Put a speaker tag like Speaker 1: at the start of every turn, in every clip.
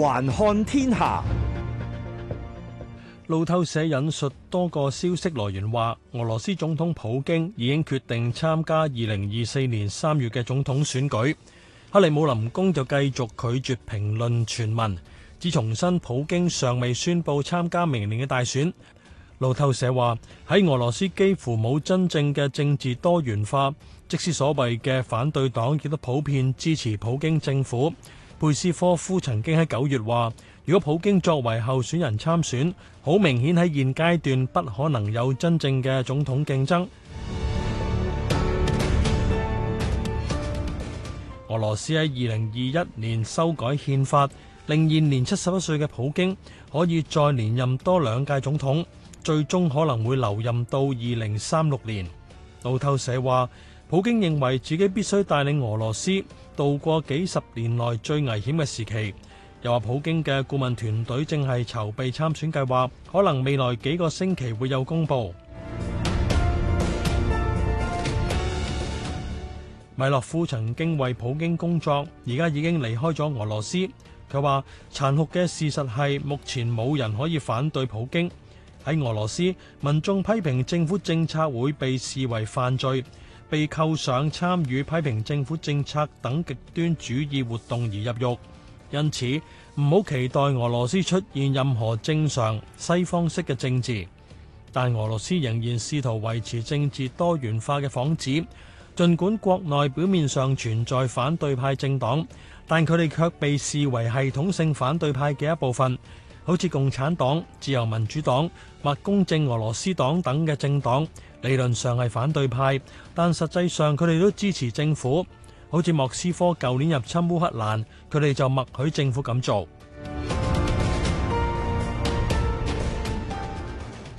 Speaker 1: 環看天下，路透社引述多個消息來源話，俄羅斯總統普京已經決定參加二零二四年三月嘅總統選舉。克里姆林宮就繼續拒絕評論傳聞。只重申，普京尚未宣布參加明年嘅大選。路透社話喺俄羅斯幾乎冇真正嘅政治多元化，即使所謂嘅反對黨亦都普遍支持普京政府。佩斯科夫曾經喺九月話，如果普京作為候選人參選，好明顯喺現階段不可能有真正嘅總統競爭。俄羅斯喺二零二一年修改憲法，令現年七十一歲嘅普京可以再連任多兩屆總統，最終可能會留任到二零三六年。路透社話。普京認為自己必須帶領俄羅斯度過幾十年來最危險嘅時期。又話，普京嘅顧問團隊正係籌備參選計劃，可能未來幾個星期會有公佈。 米洛夫曾經為普京工作，而家已經離開咗俄羅斯。佢話殘酷嘅事實係，目前冇人可以反對普京。喺俄羅斯，民眾批評政府政策會被視為犯罪。被扣上參與批評政府政策等極端主義活動而入獄，因此唔好期待俄羅斯出現任何正常西方式嘅政治。但俄羅斯仍然試圖維持政治多元化嘅幌子，儘管國內表面上存在反對派政黨，但佢哋卻被視為系統性反對派嘅一部分。好似共產黨、自由民主黨、或公正俄羅斯黨等嘅政黨，理論上係反對派，但實際上佢哋都支持政府。好似莫斯科舊年入侵烏克蘭，佢哋就默許政府咁做。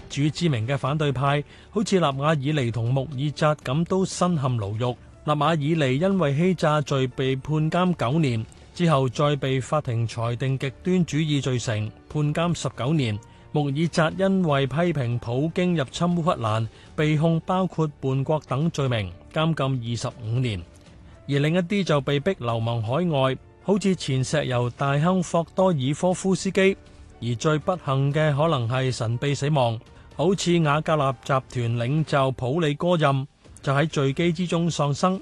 Speaker 1: 至於知名嘅反對派，好似納瓦爾尼同穆爾扎咁，都身陷牢獄。納瓦爾尼因為欺詐罪被判監九年。之後再被法庭裁定極端主義罪成，判監十九年。穆爾扎因為批評普京入侵烏克蘭，被控包括叛國等罪名，監禁二十五年。而另一啲就被逼流亡海外，好似前石油大亨霍多爾科夫斯基。而最不幸嘅可能係神秘死亡，好似瓦格納集團領袖普里戈任就喺墜機之中喪生。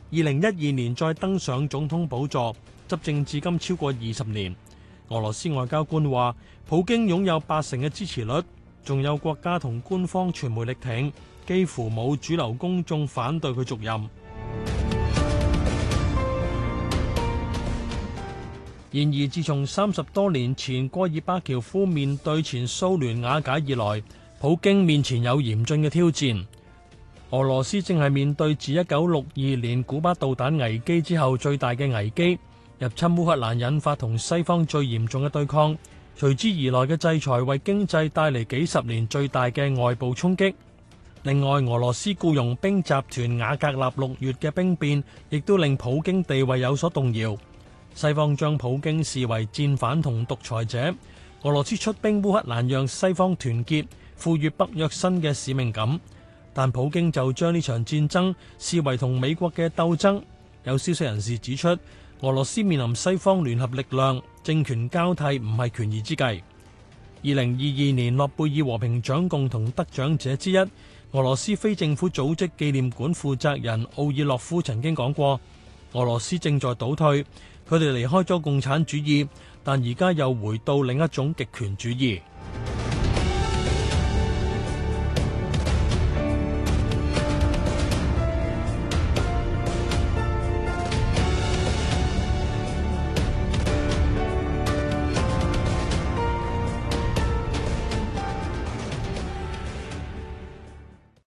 Speaker 1: 二零一二年再登上總統寶座，執政至今超過二十年。俄羅斯外交官話，普京擁有八成嘅支持率，仲有國家同官方傳媒力挺，幾乎冇主流公眾反對佢續任。 然而，自從三十多年前戈爾巴喬夫面對前蘇聯瓦解以來，普京面前有嚴峻嘅挑戰。俄羅斯正係面對自一九六二年古巴導彈危機之後最大嘅危機，入侵烏克蘭引發同西方最嚴重嘅對抗，隨之而來嘅制裁為經濟帶嚟幾十年最大嘅外部衝擊。另外，俄羅斯僱傭兵集團瓦格納六月嘅兵變，亦都令普京地位有所動搖。西方將普京視為戰犯同獨裁者，俄羅斯出兵烏克蘭讓西方團結，賦予北約新嘅使命感。但普京就將呢場戰爭視為同美國嘅鬥爭。有消息人士指出，俄羅斯面臨西方聯合力量，政權交替唔係權宜之計。二零二二年諾貝爾和平獎共同得獎者之一，俄羅斯非政府組織紀念館負責人奧爾洛夫曾經講過，俄羅斯正在倒退，佢哋離開咗共產主義，但而家又回到另一種極權主義。